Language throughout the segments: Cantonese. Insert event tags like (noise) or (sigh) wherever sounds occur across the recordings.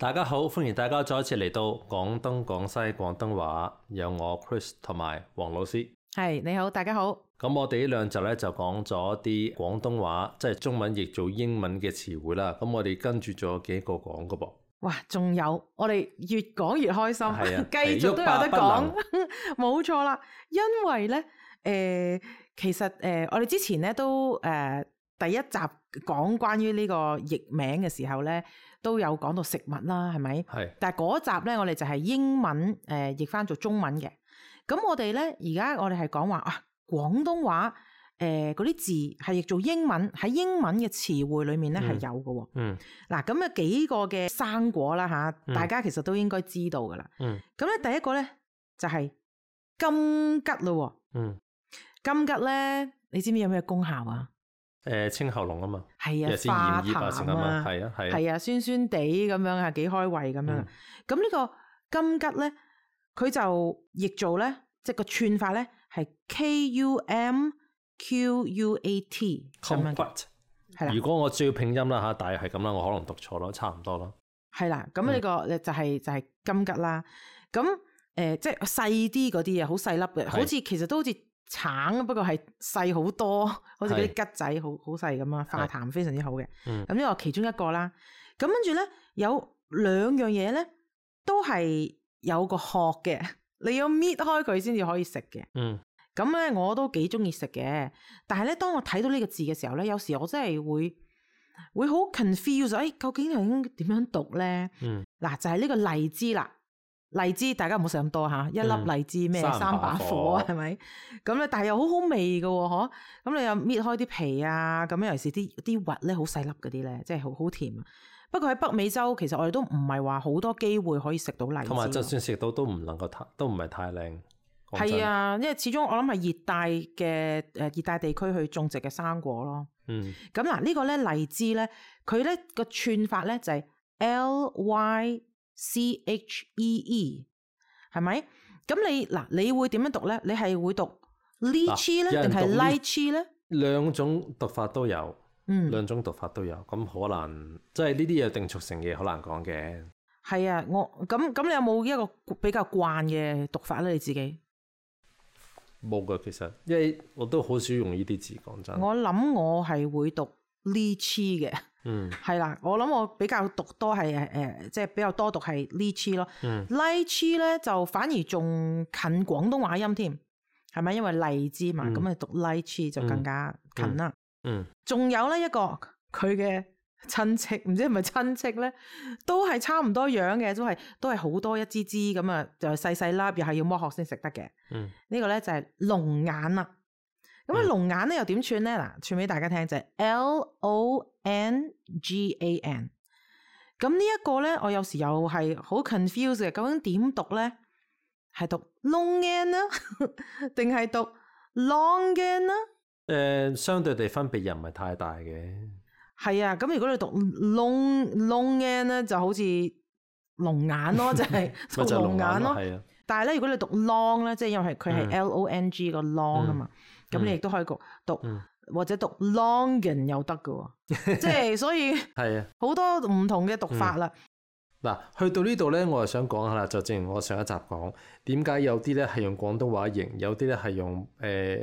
大家好，歡迎大家再一次嚟到港東港西廣東話，有我 Chris 同埋黃老師。係，你好，大家好。咁我哋呢兩集咧就講咗啲廣東話，即係中文譯做英文嘅詞彙啦。咁我哋跟住咗幾個講噶噃。哇，仲有，我哋越講越開心，啊、繼續都有得講。冇 (laughs) 錯啦，因為咧，誒、呃，其實誒、呃，我哋之前咧都誒第一集講關於呢個譯名嘅時候咧。都有講到食物啦，係咪？係。但係嗰集咧，我哋就係英文誒、呃、譯翻做中文嘅。咁我哋咧，而家我哋係講話啊，廣東話誒嗰啲字係譯做英文，喺英文嘅詞彙裡面咧係有嘅喎、嗯。嗯。嗱、啊，咁啊幾個嘅生果啦吓，大家其實都應該知道㗎啦、嗯嗯。嗯。咁咧，第一個咧就係、是、金桔啦。嗯。金桔咧，你知唔知有咩功效啊？誒、呃、清喉嚨啊嘛，係啊，化痰啊嘛，係啊，係啊，酸酸地咁樣係幾開胃咁樣。咁呢、嗯、個金桔咧，佢就譯做咧，即係個串法咧係 K U M Q U A T，kumquat。係啦。如果我照要拼音啦吓，大約係咁啦，我可能讀錯咯，差唔多咯。係啦、嗯啊，咁呢個就係、是、就係、是、金桔啦。咁誒、呃，即係細啲嗰啲啊，好細粒嘅，好似其實都好似。是橙不過係細好多， (laughs) 好似嗰啲桔仔的好好細咁啊，化痰非常之好嘅。咁呢個其中一個啦。咁跟住咧有兩樣嘢咧，都係有個殼嘅，你要搣開佢先至可以食嘅。咁咧、嗯、我都幾中意食嘅。但係咧，當我睇到呢個字嘅時候咧，有時我真係會會好 confuse 就、哎、究竟應點樣讀咧？嗱、嗯啊、就係、是、呢個荔枝啦。荔枝大家唔好食咁多吓，嗯、一粒荔枝咩三把火係咪？咁咧火，是不是 (laughs) 但係又好好味噶，嗬？咁你又搣開啲皮啊，咁尤其是啲啲核咧，好細粒嗰啲咧，即係好好甜。不過喺北美洲，其實我哋都唔係話好多機會可以食到荔枝。同埋，就算食到，都唔能夠太，都唔係太靚。係啊，因為始終我諗係熱帶嘅誒，熱、呃、熱帶地區去種植嘅生果咯。嗯,嗯。咁嗱，呢個咧荔枝咧，佢咧個串法咧就係 L Y。C H E E，係咪？咁你嗱，你會點樣讀咧？你係會讀、lie、chi 呢讀？chi 咧，定係 lie chi 咧？兩種讀法都有，嗯，兩種讀法都有。咁可能即係呢啲嘢定俗成嘅嘢，好難講嘅。係啊，我咁咁，你有冇一個比較慣嘅讀法咧？你自己冇噶，其實因為我都好少用呢啲字，講真。我諗我係會讀 lie chi 嘅。嗯，係啦，我諗我比較讀多係誒誒，即係比較多讀係荔枝咯。荔枝咧就反而仲近廣東話音添，係咪？因為荔枝嘛，咁啊、嗯、讀荔枝就更加近啦、嗯。嗯，仲、嗯、有咧一個佢嘅親戚，唔知係咪親戚咧，都係差唔多樣嘅，都係都係好多一支支咁啊，就細細粒，又係要剝殼先食得嘅。嗯，呢、嗯、個咧就係龍眼啦。咁啊，龍、嗯、眼咧又點串咧？嗱，串俾大家聽就係、是、L O N G A N。咁呢一個咧，我有時又係好 confuse 嘅，究竟點讀咧？係讀 longan 呢？定係讀 longan 呢？誒 (laughs) 、呃，相對地分別又唔係太大嘅。係啊，咁如果你讀 long longan 咧，就好似龍眼咯，就係就龍眼咯。係啊。但係咧，如果你讀 long 咧，即、就、係、是、因為係佢係 L O N G 個 long 啊嘛。嗯嗯嗯咁你亦都可以讀讀、嗯、或者讀 longan 又得嘅， (laughs) 即係所以啊，好的多唔同嘅讀法啦。嗱、嗯，去到呢度咧，我就想講下啦，就正如我上一集講，點解有啲咧係用廣東話譯，有啲咧係用誒、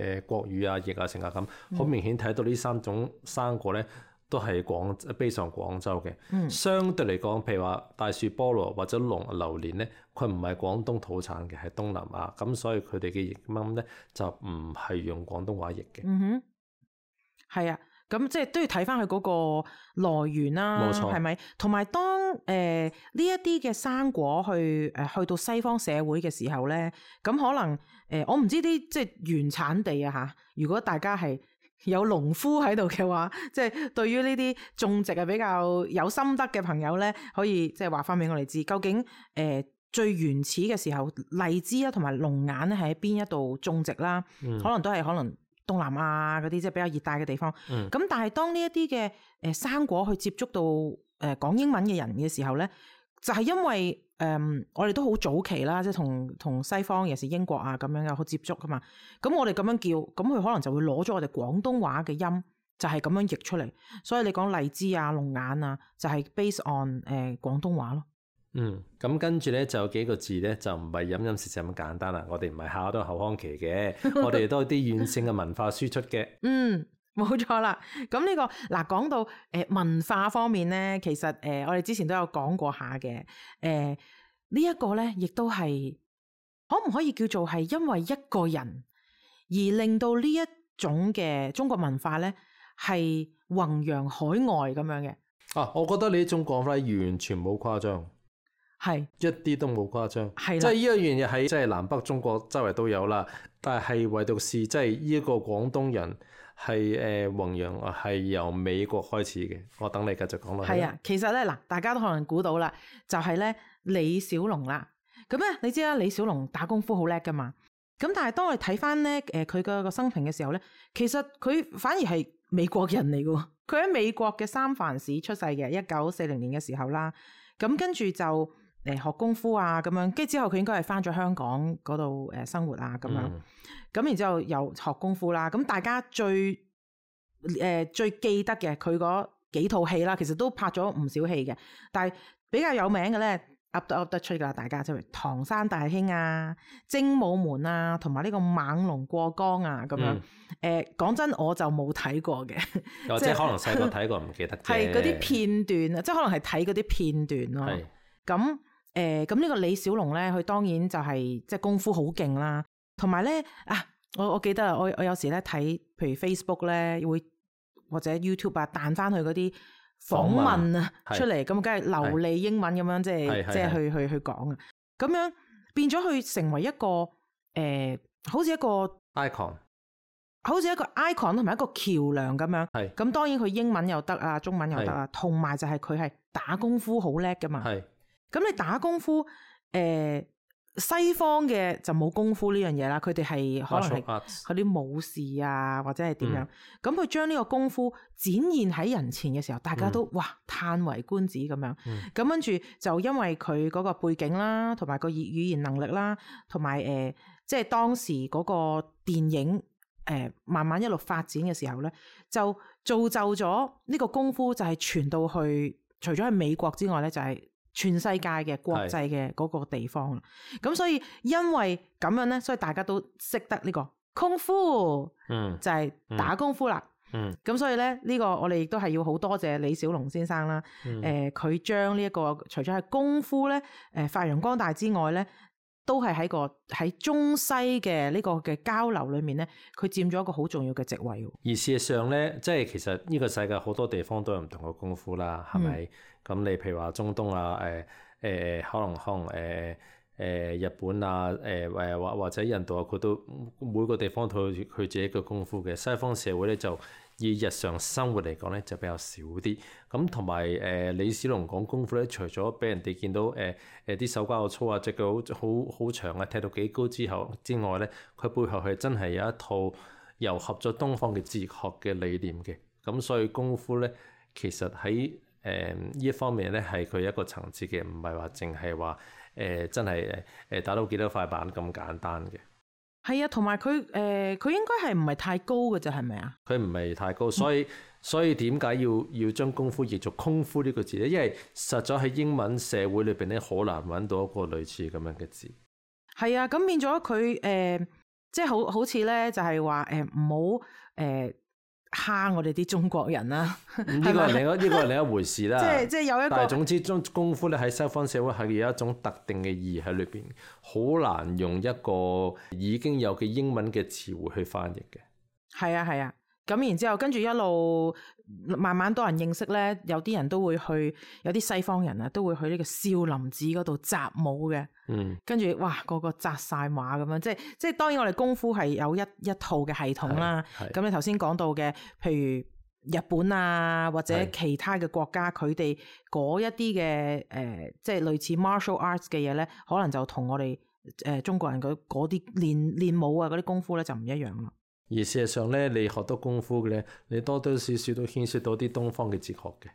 呃、國語啊譯啊成啊咁，好明顯睇到呢三種生果咧。都係廣，基本上廣州嘅。嗯、相對嚟講，譬如話大樹菠蘿或者龍榴蓮咧，佢唔係廣東土產嘅，係東南亞。咁所以佢哋嘅譯音咧就唔係用廣東話譯嘅。嗯哼，係啊，咁即係都要睇翻佢嗰個來源啦，冇錯，係咪？同埋當誒呢一啲嘅生果去誒去到西方社會嘅時候咧，咁可能誒、呃、我唔知啲即係原產地啊嚇。如果大家係。有農夫喺度嘅話，即係對於呢啲種植啊比較有心得嘅朋友咧，可以即係話翻俾我哋知，究竟誒最原始嘅時候，荔枝啊同埋龍眼咧，係喺邊一度種植啦？嗯、可能都係可能東南亞嗰啲即係比較熱帶嘅地方。咁、嗯、但係當呢一啲嘅誒生果去接觸到誒講英文嘅人嘅時候咧，就係因為。誒，um, 我哋都好早期啦，即係同同西方，尤其是英國啊咁樣有好接觸噶嘛。咁我哋咁樣叫，咁佢可能就會攞咗我哋廣東話嘅音，就係咁樣譯出嚟。所以你講荔枝啊、龍眼啊，就係、是、based on 誒、呃、廣東話咯。嗯，咁跟住咧就有幾個字咧就唔係飲飲食食咁簡單啦。我哋唔係下下都口腔期嘅。 (laughs) 我哋都係啲軟性嘅文化輸出嘅。 (laughs) 嗯。冇錯啦，咁呢、這個嗱講到誒、呃、文化方面咧，其實誒、呃、我哋之前都有講過下嘅，誒、呃這個、呢一個咧亦都係可唔可以叫做係因為一個人而令到呢一種嘅中國文化咧係弘揚海外咁樣嘅。啊，我覺得你呢種講法完全冇誇張，係是一啲都冇誇張，係即係呢一樣嘢喺即係南北中國周圍都有啦，但係唯獨是即係呢一個廣東人。係誒、呃，弘揚係由美國開始嘅。我等你繼續講落去。係啊，其實咧嗱，大家都可能估到啦，就係咧李小龍啦。咁咧你知啦，李小龍、嗯、打功夫好叻噶嘛。咁但係當我哋睇翻咧誒佢嘅個生平嘅時候咧，其實佢反而係美國人嚟噶。佢喺 (laughs) 美國嘅三藩市出世嘅，一九四零年嘅時候啦。咁、嗯、跟住就。誒，學功夫啊，咁樣，跟住之後佢應該係返咗香港嗰度誒生活啊，咁樣，咁、嗯、然之後又學功夫啦。咁大家最誒、呃、最記得嘅佢嗰幾套戲啦，其實都拍咗唔少戲嘅，但係比較有名嘅咧 up 得 up 得出㗎啦，大家即係唐山大兄啊、精武門啊，同埋呢個猛龍過江啊，咁樣。誒、嗯，講、呃、真，我就冇睇過嘅，或者、 (laughs) 就是、可能細個睇過唔記得。係嗰啲片段，片段啊，即係可能係睇嗰啲片段咯。咁。誒咁呢個李小龍呢，佢當然就係、是、即係功夫好勁啦，同埋呢，啊，我我記得我我有時呢睇，譬如 Facebook 呢，會或者 YouTube 啊彈翻佢嗰啲訪問啊，訪啊出嚟，咁梗係流利英文咁是是 樣，即係即係去去去講啊，咁是樣變咗佢成為一個誒、呃，好似一、Icon 一個 icon，好似一個 icon 同埋一個橋梁咁樣。係咁是是，當然佢英文又得啊，中文又得啊，同埋是是 就係佢係打功夫好叻噶嘛。咁你打功夫，誒、呃、西方嘅就冇功夫呢樣嘢啦，佢哋係可能係啲武士啊，或者係點樣？咁佢將呢個功夫展現喺人前嘅時候，大家都嘩、嗯、嘆為觀止咁樣。咁跟住就因為佢嗰個背景啦，同埋個語言能力啦，同埋誒，即、呃、係、就是、當時嗰個電影誒、呃、慢慢一路發展嘅時候咧，就造就咗呢個功夫就係傳到去，除咗喺美國之外咧，就係、是。全世界嘅國際嘅嗰個地方，咁是所以因為咁樣呢，所以大家都識得呢個功夫，嗯，就係打功夫啦，嗯，咁所以呢，呢、這個我哋亦都係要好多謝李小龍先生啦，誒、嗯，佢、呃、將呢、這、一個除咗係功夫呢，誒、呃，發揚光大之外呢，都係喺個喺中西嘅呢個嘅交流裏面呢，佢佔咗一個好重要嘅席位啊。而事實上呢，即係其實呢個世界好多地方都有唔同嘅功夫啦，係咪、嗯？咁你譬如話中東啊，誒、呃、誒可能可能誒誒、呃呃、日本啊，誒誒或或者印度啊，佢都每個地方都佢佢自己嘅功夫嘅。西方社會咧就以日常生活嚟講咧就比較少啲。咁同埋誒李小龍講功夫咧，除咗俾人哋見到誒誒啲手瓜好粗啊，隻腳好好好長啊，踢到幾高之後之外咧，佢背後係真係有一套糅合咗東方嘅哲學嘅理念嘅。咁所以功夫咧其實喺誒呢一方面咧，係佢一個層次嘅，唔係話淨係話誒真係誒誒打到幾多塊板咁簡單嘅。係啊，同埋佢誒佢應該係唔係太高嘅啫，係咪啊？佢唔係太高，所以、嗯、所以點解要要將功夫譯做空夫呢個字咧？因為實在喺英文社會裏邊咧，好難揾到一個類似咁樣嘅字。係啊，咁變咗佢誒，即係好好似咧，就係話誒唔好誒。蝦我哋啲中國人啦，呢個係另一呢個係另一回事啦。即係即係有一個，但係總之，中功夫咧，喺西方社會係有一種特定嘅意義喺裏邊，好難用一個已經有嘅英文嘅詞彙去翻譯嘅。係啊係啊。咁然之後，跟住一路慢慢多人認識咧，有啲人都會去，有啲西方人啊都會去呢個少林寺嗰度習武嘅。嗯，跟住哇，個個紮晒馬咁樣，即係即係當然我哋功夫係有一一套嘅系統啦。咁你頭先講到嘅，譬如日本啊或者其他嘅國家，佢哋嗰一啲嘅誒，即係類似 martial arts 嘅嘢咧，可能就同我哋誒、呃、中國人嗰啲練練武啊嗰啲功夫咧就唔一樣啦。而事實上咧，你學到功夫嘅咧，你多多少少都牽涉到啲東方嘅哲學嘅，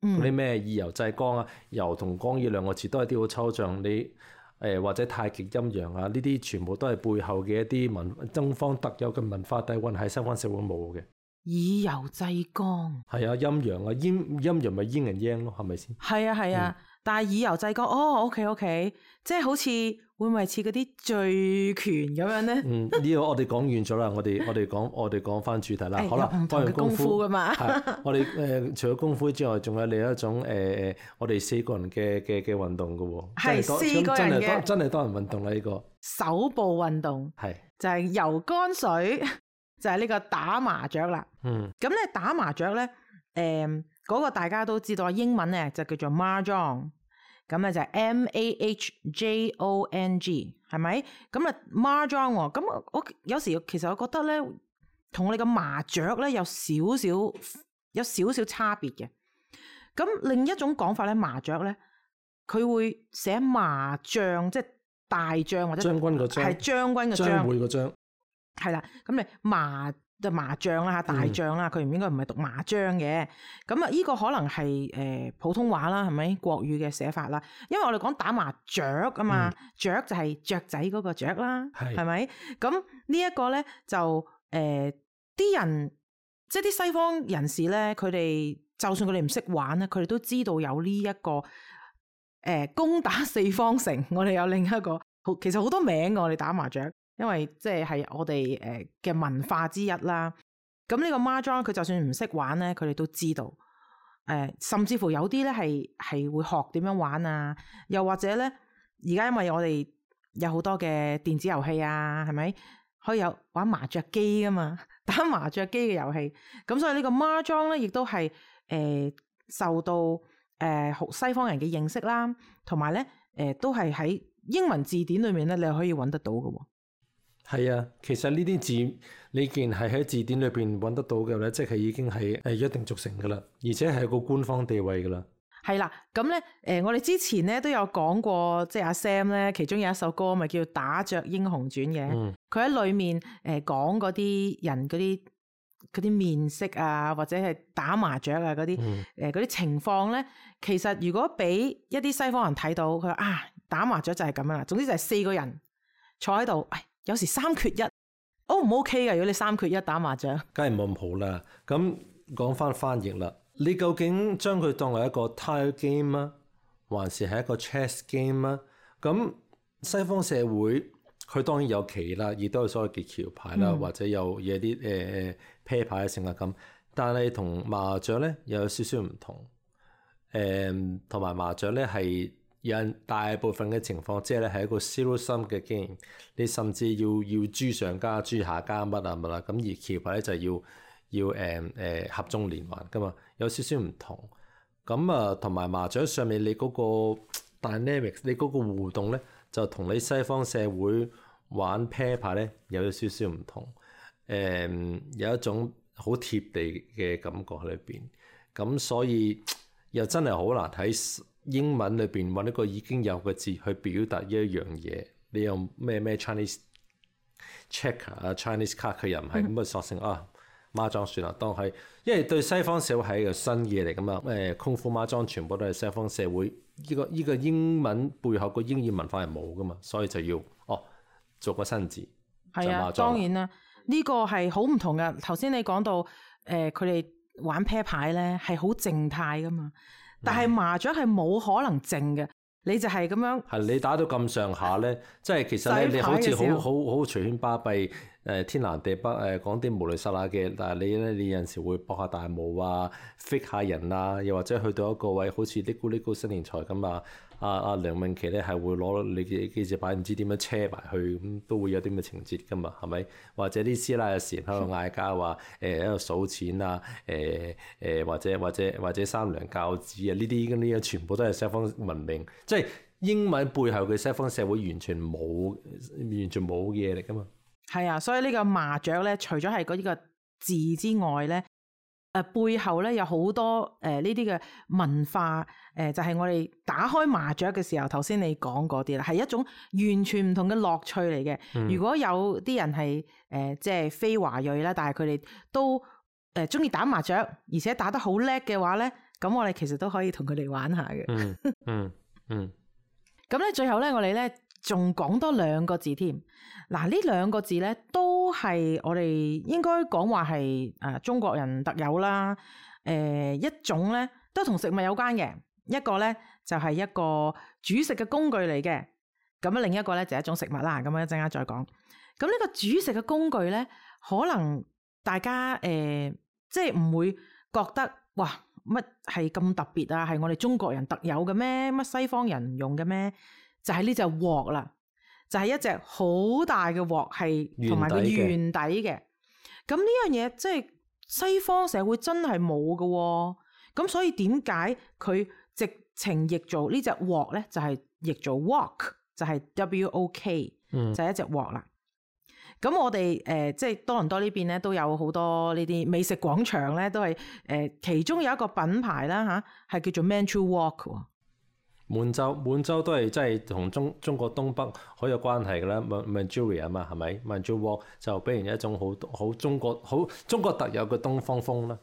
嗰啲咩以柔制剛啊，柔同剛，呢兩個字都係啲好抽象。你誒、呃、或者太極陰陽啊，呢啲全部都係背後嘅一啲文，東方特有嘅文化底蘊喺西方社會冇嘅。以柔制剛係啊，陰陽啊，陰陰陽咪陰人陰咯，係咪先？係啊，係啊。但係以柔制剛，哦，OK OK，即係好似會唔會似嗰啲醉拳咁樣咧？嗯，呢、這個我哋講完咗啦， (laughs) 我哋我哋講我哋講返主題啦，哎、好啦，講完功夫㗎嘛，我哋誒、呃、除咗功夫之外，仲有另一種誒誒、呃，我哋四個人嘅嘅嘅運動㗎喎，係四個人嘅真係多，多人運動啦呢、這個手部運動係是就係游乾水，就係、是、呢個打麻雀啦。嗯，咁咧打麻雀咧，誒、嗯。嗰個大家都知道啊，英文咧就叫做 Mahjong 咁咧就 M-A-H-J-O-N-G，係咪？咁啊 Mahjong 喎，咁我有時其實我覺得咧，同我哋嘅麻雀咧有少少有少少差別嘅。咁另一種講法咧，麻雀咧，佢會寫麻將，即係大將或者將軍嘅將，係將軍嘅將，將會嘅將，係啦。咁你麻。就麻將啦嚇，大將啦，佢唔應該唔係讀麻將嘅，咁啊呢個可能係誒、呃、普通話啦，係咪國語嘅寫法啦？因為我哋講打麻雀啊嘛，嗯、雀就係雀仔嗰個雀啦，係咪是？咁呢一個咧就誒啲、呃、人，即係啲西方人士咧，佢哋就算佢哋唔識玩咧，佢哋都知道有呢、這、一個誒、呃、攻打四方城。我哋有另一個，其實好多名、啊、我哋打麻雀。因為即係係我哋誒嘅文化之一啦。咁呢個孖莊佢就算唔識玩咧，佢哋都知道。誒、呃，甚至乎有啲咧係係會學點樣玩啊。又或者咧，而家因為我哋有好多嘅電子遊戲啊，係咪可以有玩麻雀機啊嘛？打麻雀機嘅遊戲。咁所以個媽呢個孖莊咧，亦都係誒、呃、受到誒學、呃、西方人嘅認識啦。同埋咧，誒、呃、都係喺英文字典裏面咧，你可以揾得到嘅。係啊，其實呢啲字你既然係喺字典裏邊揾得到嘅咧，即係已經係係一定俗成噶啦，而且係個官方地位噶啦。係啦、啊，咁咧誒，我哋之前咧都有講過，即係阿 Sam 咧，其中有一首歌咪叫《打雀英雄傳》嘅，佢喺、嗯、裏面誒、呃、講嗰啲人嗰啲啲面色啊，或者係打麻雀啊嗰啲誒啲情況咧，其實如果俾一啲西方人睇到，佢話打麻雀就係咁樣啦，總之就係四個人坐喺度。哎有時三缺一，O 唔 O K 噶？如果你三缺一打麻雀，梗係冇咁好啦。咁講翻翻譯啦，你究竟將佢當係一個 Tile Game 啊，還是係一個 Chess Game 啊？咁西方社會佢當然有棋啦，亦都有所謂嘅橋牌啦，嗯、或者有嘢啲誒誒 r 牌嘅性格咁。但係同麻雀咧又有少少唔同。誒、呃，同埋麻雀咧係。人大部分嘅情況即係咧係一個 zero sum 嘅經營，你甚至要要豬上加豬下加乜啊乜啦，咁而橋牌咧就要要誒誒、嗯嗯嗯、合縱連橫噶嘛，有少少唔同。咁啊同埋麻雀上面你嗰個 dynamic，你嗰個互動咧就同你西方社會玩 paper 咧有少少唔同，誒、嗯、有一種好貼地嘅感覺喺裏邊。咁所以又真係好難睇。英文裏邊揾一個已經有嘅字去表達呢一樣嘢，你用咩咩 Chinese check 啊、er, Chinese card 嘅人係咁去索性啊孖裝算啦，當係因為對西方社會係一個新嘢嚟咁嘛。誒、呃，功夫孖裝全部都係西方社會呢個呢個英文背後個英語文化係冇噶嘛，所以就要哦、啊、做個新字係啊，當然啦，這個呃、呢個係好唔同㗎。頭先你講到誒，佢哋玩啤牌咧係好靜態噶嘛。但係麻雀係冇可能靜嘅，你就係咁樣。係你打到咁上下咧， (laughs) 即係其實你你好似好好好隨興巴閉。誒天南地北誒、呃、講啲無厘沙拉嘅，但係你咧你有陣時會博下大霧啊，f i 飛下人啊，又或者去到一個位好似呢咕呢咕新年財咁啊。阿、啊、阿梁詠琪咧係會攞你嘅記事板唔知點樣車埋去，咁、嗯、都會有啲咁嘅情節噶嘛，係咪？或者啲師奶有時喺度嗌交啊，誒喺度數錢啊，誒誒、呃呃、或者或者或者，或者三娘教子啊，呢啲咁呢樣全部都係西方文明，即、就、係、是、英文背後嘅西方社會完全冇完全冇嘢嚟噶嘛。係啊，所以呢個麻雀咧，除咗係嗰呢個字之外咧，誒、呃、背後咧有好多誒呢啲嘅文化，誒、呃、就係、是、我哋打開麻雀嘅時候，頭先你講嗰啲啦，係一種完全唔同嘅樂趣嚟嘅。嗯、如果有啲人係誒、呃、即係非華裔啦，但係佢哋都誒中意打麻雀，而且打得好叻嘅話咧，咁我哋其實都可以同佢哋玩下嘅、 (laughs) 嗯。嗯嗯，咁咧最後咧我哋咧。仲講多兩個字添，嗱，呢兩個字咧都係我哋應該講話係誒中國人特有啦。誒、呃、一種咧都同食物有關嘅，一個咧就係、是、一個煮食嘅工具嚟嘅。咁啊，另一個咧就係、是、一種食物啦。咁一陣間再講。咁、嗯、呢、這個煮食嘅工具咧，可能大家誒、呃、即係唔會覺得哇，乜係咁特別啊，係我哋中國人特有嘅咩？乜西方人用嘅咩？就喺呢隻鑊啦，就係、是、一隻好大嘅鑊，係同埋個圓底嘅。咁呢樣嘢，即係西方社會真係冇嘅。咁所以點解佢直情譯做隻呢隻鑊咧？就係、是、譯做 wok，就係 W O K，就係一隻鑊啦。咁、嗯、我哋誒、呃，即係多倫多邊呢邊咧，都有好多呢啲美食廣場咧，都係誒、呃，其中有一個品牌啦吓，係、啊、叫做 Manchu Wok。滿洲滿洲都係真係同中中國東北好有關係嘅啦，Manchuria 啊嘛係咪？Manchu Wok 就俾人一種好好中國好中國特有嘅東方風啦。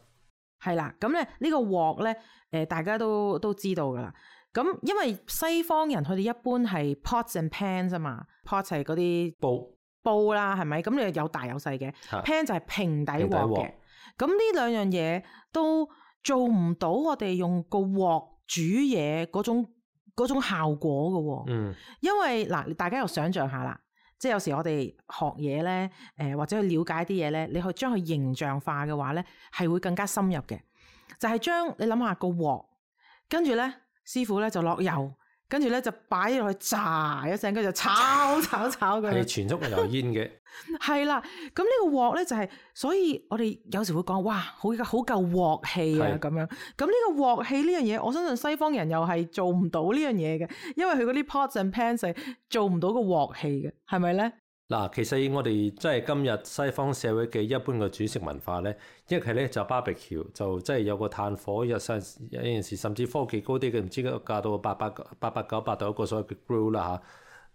係啦，咁咧呢個鑊咧誒大家都都知道㗎啦。咁因為西方人佢哋一般係 pots and pans 啊嘛，pots 係嗰啲煲，煲啦係咪？咁你有大有細嘅，pan 就係平底鑊嘅。咁呢兩樣嘢都做唔到，我哋用個鑊煮嘢嗰種。嗰種效果嘅喎、哦，嗯、因為嗱，大家又想象下啦，即係有時我哋學嘢咧，誒、呃、或者去了解啲嘢咧，你去將佢形象化嘅話咧，係會更加深入嘅。就係、是、將你諗下個鑊，跟住咧師傅咧就落油。嗯嗯。跟住咧就擺落去炸一聲，跟住就炒炒炒佢。 (laughs) 全傳出油煙嘅。 (laughs) 係啦，咁呢個鑊咧就係、是，所以我哋有時會講哇，好好夠鑊氣啊咁是的 樣。咁呢個鑊氣呢樣嘢，我相信西方人又係做唔到呢樣嘢嘅，因為佢嗰啲 pots and pans 係做唔到個鑊氣嘅，係咪咧？嗱，其實我哋即係今日西方社會嘅一般嘅煮食文化咧，一係咧就巴比橋，就即係有個炭火，有陣有陣時甚至科技高啲嘅，唔知價到八百八百九百度一個所謂嘅 group 啦嚇。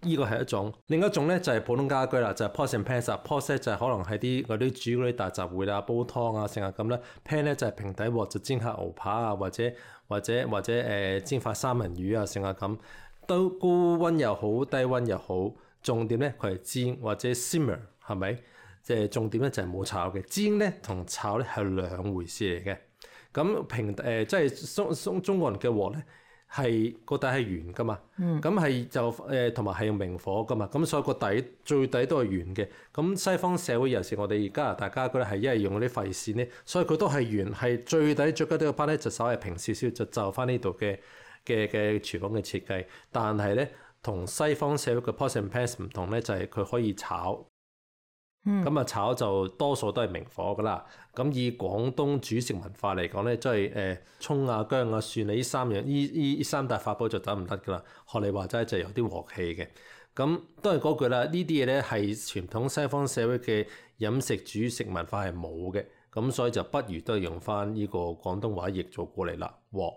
依、這個係一種，另一種咧就係、是、普通家居啦，就是、pot and pan，pot 就可能係啲嗰啲煮嗰啲大集會湯啊、煲湯啊成下咁啦，pan 咧就係、是、平底鑊就煎下牛扒啊，或者或者或者誒、呃、煎下三文魚啊成下咁，都高溫又好，低溫又好。重點咧，佢係煎或者 simmer 係咪？即係重點咧，就係冇炒嘅煎咧，同炒咧係兩回事嚟嘅。咁平誒，即係中中中國人嘅鑊咧，係個底係圓噶嘛。咁係就誒，同埋係用明火噶嘛。咁所以個底最底都係圓嘅。咁西方社會尤其我哋而家大家佢咧係一係用嗰啲廢線咧，所以佢都係圓，係最底最底就就呢係圓嘅。咁西咧係一係用嗰啲廢線咧，所以佢都係圓，係最底最底都嘅。咁房嘅。咁西但社咧係一同西方社會嘅 pots and pans 唔同咧，就係、是、佢可以炒，咁啊、嗯、炒就多數都係明火噶啦。咁以廣東煮食文化嚟講咧，即係誒，葱啊、薑啊、蒜你呢三樣呢呢三大法寶就得唔得噶啦？學你話齋就有啲鑊氣嘅。咁都係嗰句啦，呢啲嘢咧係傳統西方社會嘅飲食煮食文化係冇嘅，咁所以就不如都係用翻呢個廣東話譯做過嚟啦，鑊。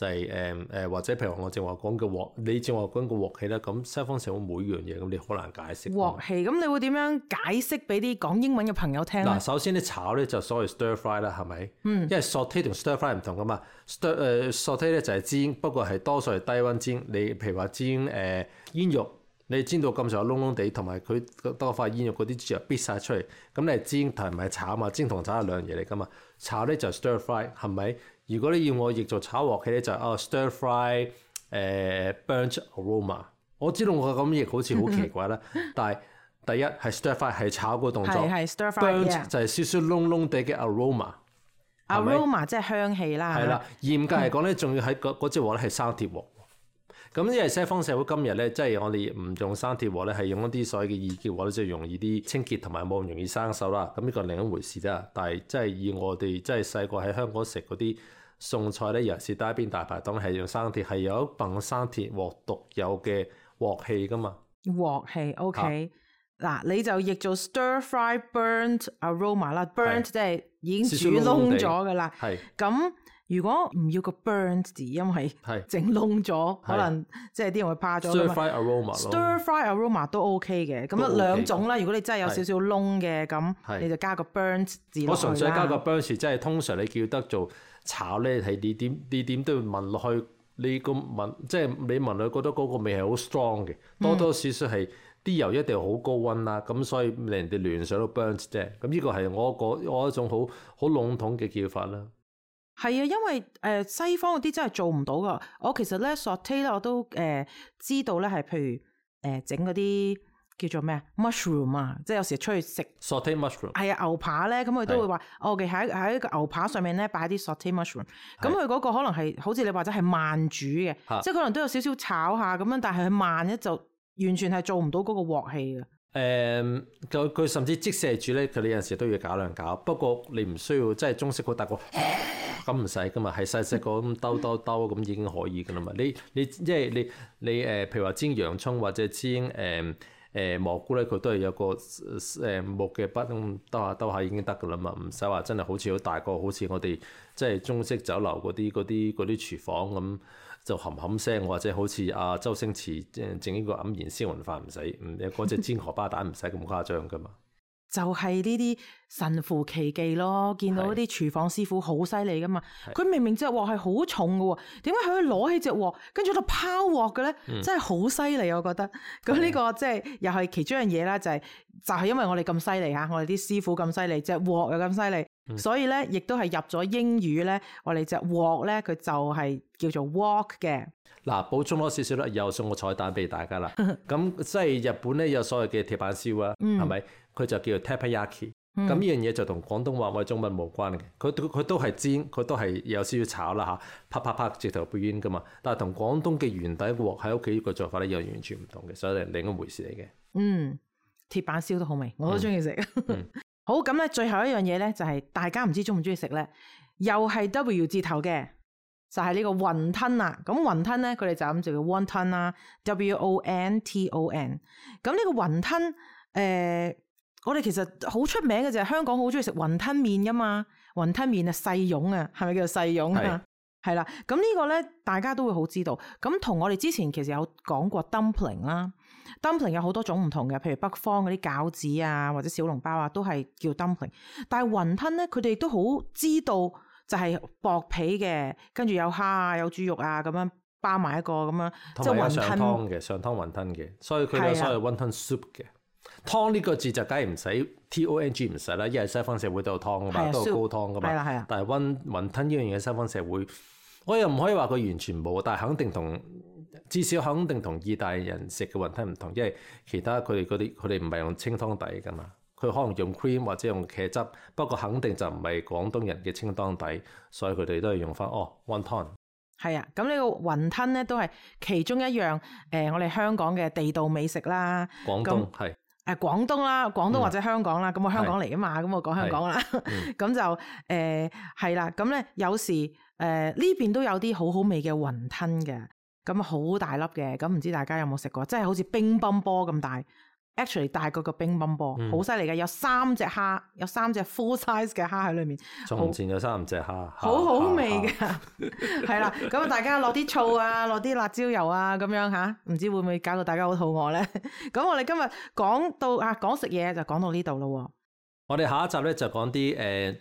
就係誒誒，或者譬如我正話講嘅鑊，你正話講嘅鑊氣咧，咁西方社會好每樣嘢咁，你好難解釋。鑊氣咁，你會點樣解釋俾啲講英文嘅朋友聽？嗱，首先啲炒咧就係、所謂 stir fry 啦，係咪？嗯。因為同、呃、saute 同 stir fry 唔同噶嘛，stir 誒 saute 咧就係煎，不過係多數係低溫煎。你譬如話煎誒、呃、煙肉，肉，你煎到咁上下窿窿地，同埋佢多塊煙肉嗰啲油必晒出嚟，咁咧煎同唔係炒啊嘛，煎同炒係兩樣嘢嚟㗎嘛。炒咧就 stir fry 係咪？如果你要我譯做炒鑊氣咧，就啊、是、stir fry 誒、呃、burnt aroma。我知道我咁譯好似好奇怪啦，但係第一係 stir fry 係炒個動作，burnt 就係少少燶燶地嘅 aroma，aroma 即係香氣啦。係啦樣，嚴格嚟講咧，仲 (laughs) 要喺嗰嗰隻鑊咧係生鐵鑊。咁因為西方社會今日咧，即、就、係、是、我哋唔用生鐵鑊咧，係用一啲所謂嘅易潔鑊咧，就容易啲清潔同埋冇咁容易生鏽啦。咁、這、呢個另一回事啫。但係即係以我哋即係細個喺香港食嗰啲餸菜咧，尤其是街邊大排檔係用生鐵，係有一份生鐵鑊獨有嘅鑊氣噶嘛。鑊氣 OK 嗱、啊，你就譯做 stir fry burnt aroma 啦，burnt 即係已經煮燶咗噶啦。係咁是。是如果唔要個 burn 字，因為整燶咗，是可能即係啲人會怕咗。Stir fry aroma，stir fry aroma 都 OK 嘅。咁一兩種啦。如果你真係有少少燶嘅，咁的你就加個 burn 字的我純粹加個 burn 字，即係的通常你叫得做炒咧，你點你點都要聞落去。你個聞即係、就是、你聞落去覺得嗰個味係好 strong 嘅，多多少少係啲油一定好高溫啦。咁、嗯、所以令人哋聯想到 burn 啫。咁呢個係我個我一種好好籠統嘅叫法啦。係啊，因為誒、呃、西方嗰啲真係做唔到噶。我、哦、其實咧 saute 咧我都誒、呃、知道咧係譬如誒整嗰啲叫做咩 mushroom 啊，即係有時出去食 saute mushroom 係啊牛扒咧咁佢都會話我嘅喺喺個牛扒上面咧擺啲 saute mushroom，咁佢嗰個可能係好似你話齋係慢煮嘅，的即係可能都有少少炒下咁樣，但係佢慢咧就完全係做唔到嗰個鑊氣嘅。誒，佢佢、嗯、甚至即食煮咧，佢有陣時都要搞兩搞。不過你唔需要，即係中式好大個，咁唔使噶嘛，係細細個咁兜兜兜咁已經可以噶啦嘛。你你即係你你誒，譬如話煎洋蔥或者煎誒誒、嗯嗯、蘑菇咧，佢都係有個誒木嘅筆咁兜下兜下已經得噶啦嘛，唔使話真係好似好大個，好似我哋即係中式酒樓嗰啲嗰啲嗰啲廚房咁。就冚冚聲，或者好似阿周星馳，即係整呢個黯然銷魂飯唔使，嗯，嗰隻煎荷包蛋唔使咁誇張噶嘛。 (laughs) 就係呢啲神乎其技咯，見到啲廚房師傅好犀利噶嘛。佢是明明隻鑊係好重嘅，點解佢可以攞起隻鑊，跟住喺度拋鑊嘅咧？嗯、真係好犀利，我覺得。咁呢的個即、就、係、是、又係其中一樣嘢啦，就係就係因為我哋咁犀利嚇，我哋啲師傅咁犀利，即係鑊又咁犀利。所以咧，亦都係入咗英語咧，我哋隻鑊咧，佢就係叫做 wok 嘅。嗱、嗯，補充多少少啦，又送個彩蛋俾大家啦。咁即係日本咧有所謂嘅鐵板燒啊，係咪、嗯？佢就叫做 teppanyaki。咁呢樣嘢就同廣東話或者中文無關嘅。佢佢都係煎，佢都係有少少炒啦嚇、啊，啪啪啪，啪直頭煙噶嘛。但係同廣東嘅原底鑊喺屋企嘅做法咧又完全唔同嘅，所以係另一回事嚟嘅、嗯嗯。嗯，鐵板燒都好味，我都中意食。嗯 (laughs) 好咁咧，最後一樣嘢咧就係、是、大家唔知中唔中意食咧，又係 W 字頭嘅，就係、是、呢個雲吞啦。咁雲吞咧，佢哋就咁就叫 wonton 啦，W O N T O N。咁呢個雲吞，誒、呃，我哋其實好出名嘅就係香港好中意食雲吞麵噶嘛，雲吞麵啊細蓉啊，係咪叫做細蓉啊？係啦是的， (laughs) 咁呢個咧，大家都會好知道。咁同我哋之前其實有講過 dumpling 啦。dumpling 有好多種唔同嘅，譬如北方嗰啲餃子啊，或者小籠包啊，都係叫 dumpling。但係雲吞咧，佢哋都好知道就係薄皮嘅，跟住有蝦啊，有豬肉啊咁樣包埋一個咁樣。即係雲吞。上湯嘅，上湯雲吞嘅，所以佢哋所謂温吞 soup 嘅了湯呢個字就梗係唔使 t-o-n-g 唔使啦。因為西方社會都有湯噶嘛，了都係高湯噶嘛。係啊係啊。了但係温雲吞呢樣嘢西方社會，我又唔可以話佢完全冇，但係肯定同。至少肯定同意大人食嘅雲吞唔同，因為其他佢哋嗰啲，佢哋唔係用清湯底噶嘛，佢可能用 cream 或者用茄汁，不過肯定就唔係廣東人嘅清湯底，所以佢哋都係用翻哦 one ton。係啊，咁、這、呢個雲吞咧都係其中一樣誒、呃，我哋香港嘅地道美食啦，廣東係誒廣東啦、啊，廣東或者香港啦、啊，咁、嗯、我香港嚟噶嘛，咁是我講香港啦，咁、嗯、 (laughs) 就誒係啦，咁咧有時誒呢、呃呃、邊都有啲好好味嘅雲吞嘅。咁好、嗯嗯、大粒嘅，咁唔知大家有冇食過？真係好似乒乓波咁大，actually 大過個乒乓波，好犀利嘅。有三隻蝦，有三隻 full size 嘅蝦喺裏面，從、嗯嗯、前有三隻蝦，好蝦蝦好味㗎，係啦。咁啊，大家落啲醋啊，落啲辣椒油啊，咁樣吓，唔知會唔會搞到大家好肚餓咧？咁 (laughs) 我哋今日講到啊，講食嘢就講到呢度咯。我哋下一集咧就講啲誒，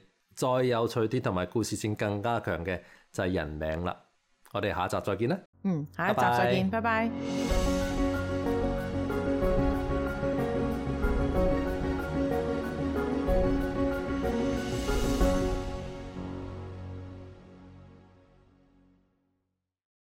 再有趣啲，同埋故事性更加強嘅就係、是、人名啦。我哋下一集再見啦。嗯，下一集再見，拜拜。